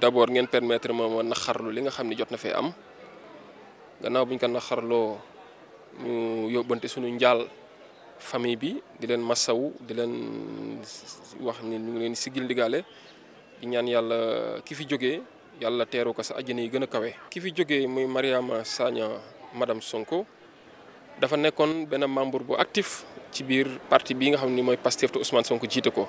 d'abord ngeen permettre ma ma naxarlu li nga xamni jot na fee am gannaaw buñ ko naxarlo ñu yobante suñu njaal famille bi di len massaw di len wax ni ñu ngi sigil digalé di ñaan yalla ki fi joggé yalla téro ko sa àjjana yi gën kawe. ki fi joggé muy Mariama Sagna madame Sonko dafa nekkon ben membre bu actif ci bir parti bi nga xamni moy pasteur Ousmane Sonko jité ko.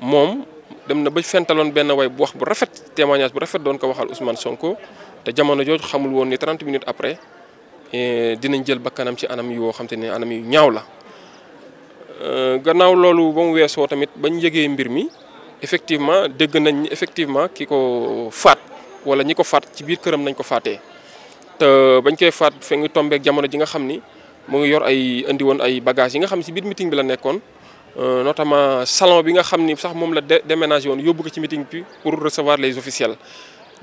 moom dem na ba fentalon ben way bu wax bu rafet témoignage bu rafet don ko waxal Ousmane Sonko te jamono jooju xamul won ni 30 minutes après eh, dinañ jël bakanam ci anam yoo xam te anam yu ñaaw la. Euh, gannaaw lolu bu mu wesso tamit bañ yëgee mbir mi effectivement dégg nañ effectivement ki ko wala ñiko ko ci biir kërëm nañ ko faté te bañ koy faat fe ngi ak jamono ji nga xamni mo ngi yor ay andi won ay bagage yi nga xam ci biir meeting bi la nekkone Euh, notamment salon bi nga xamni sax mom la déménager woon yóbbu ko ci meeting bi pour recevoir les officiels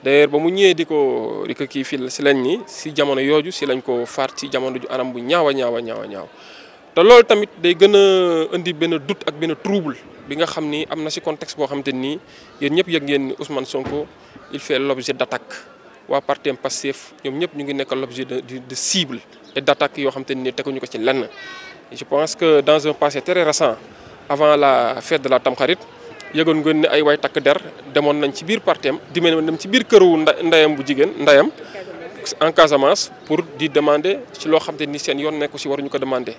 d'ailleurs ba mu ñëwee di ko di ko kii si lañ ni ci jamono yoju ci lañ ko faar ci jamono ju anam bu ñaawa a ñaawa ñaaw a ñaaw te tamit day gëna indi ben doute ak ben trouble bi nga xamni amna ci contexte boo xamante yeen yéen ñëpp yëg ngeen Ousmane Sonko il fait l'objet d'attaque wa parti Pastef ñom ñëpp ñu ngi nekk l'objet de de cible et d'attaque yoo xamante ni teguñu ko ci lenn je pense que dans un passé très récent avant la fête de la Tamkharit, yëgoon ngeen ne ay way tak der demone nañ ci biir partem di mel dem ci biir këru ndayam bu jigen ndayam en Casamance pour di demander ci lo xam ni seen yoon nekku si waruñu ko demander.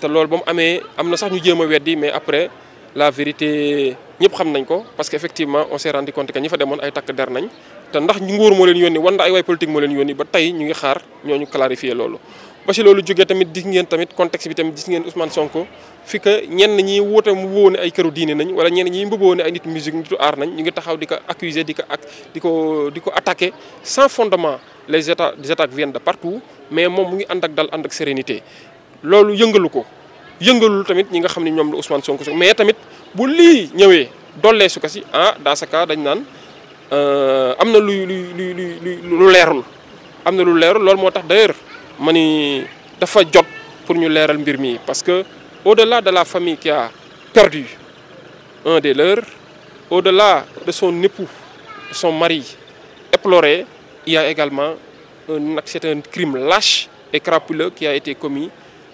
te lool bam amé amna sax ñu jéem a mais après la vérité ñëpp xam nañ ko parce que effectivement on s'est rendu compte que ñi fa demone ay tak der nañ te ndax nguur mo leen yoni wala ay way politique mo leen yoni ba tay ñu ngi xaar ñooñu clarifier loolu. ba ci loolu jógee tamit gis ngeen tamit contexte bi tamit gis ngeen Ousmane Sonko fi ke ñen ñi wote mu woone ay këru diine nañ wala ñen ñi mbëboo ay nit musique nitu art nañ ñu ngi taxaw diko accuser diko ak diko diko attaquer sans fondement les états des attaques viennent de partout mais mom mu ngi ànd ak dal ànd ak sérénité loolu yëngalu ko yëngalul tamit ñi nga xamni ñom la Ousmane Sonko mais tamit bu li ñëwé dolé su kasi ah da ce cas dañ nan euh amna lu lu lu lu lu lerrul amna lu lerrul loolu motax d'ailleurs mani dafa jot pour ñu leeral mbir mi parce que au-delà de la famille qui a perdu un des leurs au-delà de son époux son mari éploré il y a également un c'est un crime lâche et crapuleux qui a été commis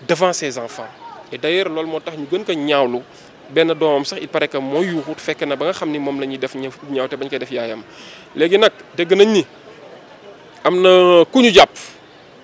devant ses enfants et d'ailleurs lool motax ñu gën ko ñaawlu ben doomam sax il paraît que moy yuuxut fekk na ba nga xamni mom lañuy la ñuy def ñaawte bañ koy def yaayam légui nak dégg nañ ni amna kuñu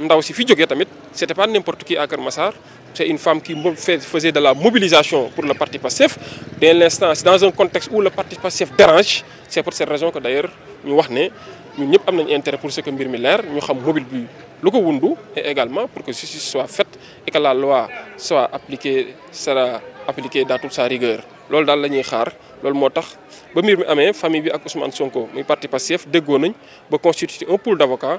ndaw si fi tamit c'était pas n'importe qui à Kermassar, c'est une femme qui faisait de la mobilisation pour le parti Passif. dès l'instant c'est dans un contexte où le parti Passif dérange c'est pour cette raison que d'ailleurs ñu wax ñun intérêt pour ce que mbir mi Nous ñu xam mobile bi et également pour que ceci soit fait et que la loi soit appliquée sera appliquée dans toute sa rigueur C'est ce que nous xaar loolu moo ba mbir mi famille bi ak Ousmane Sonko parti Passif a constitué un pool d'avocats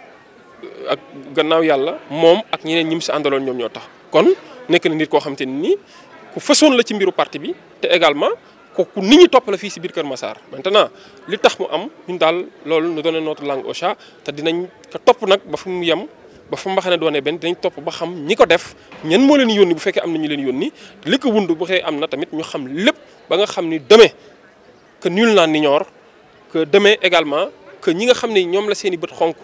ak gannaaw yalla mom ak ñeneen ñi mu si àndaloon ñoom ñoo tax kon nek na nit ko xamanteni ni ku fassone la ci mbiru parti bi te également ku nit ñi top la fi ci biir Kër Massar maintenant li tax mu am ñun lol loolu ñu lang notre langue au chat te dinañ ka top nak ba fu mu yam ba fu mbaxane doone ben dinañ top ba xam ñi ko def ñen mo leen yoni bu fekke am na ñu leen yoni li ko wundu bu xey am na tamit ñu xam lepp ba nga xam ni demé que nul n'en ignore que demé également que ñi nga xam ni ñom la seeni i xonku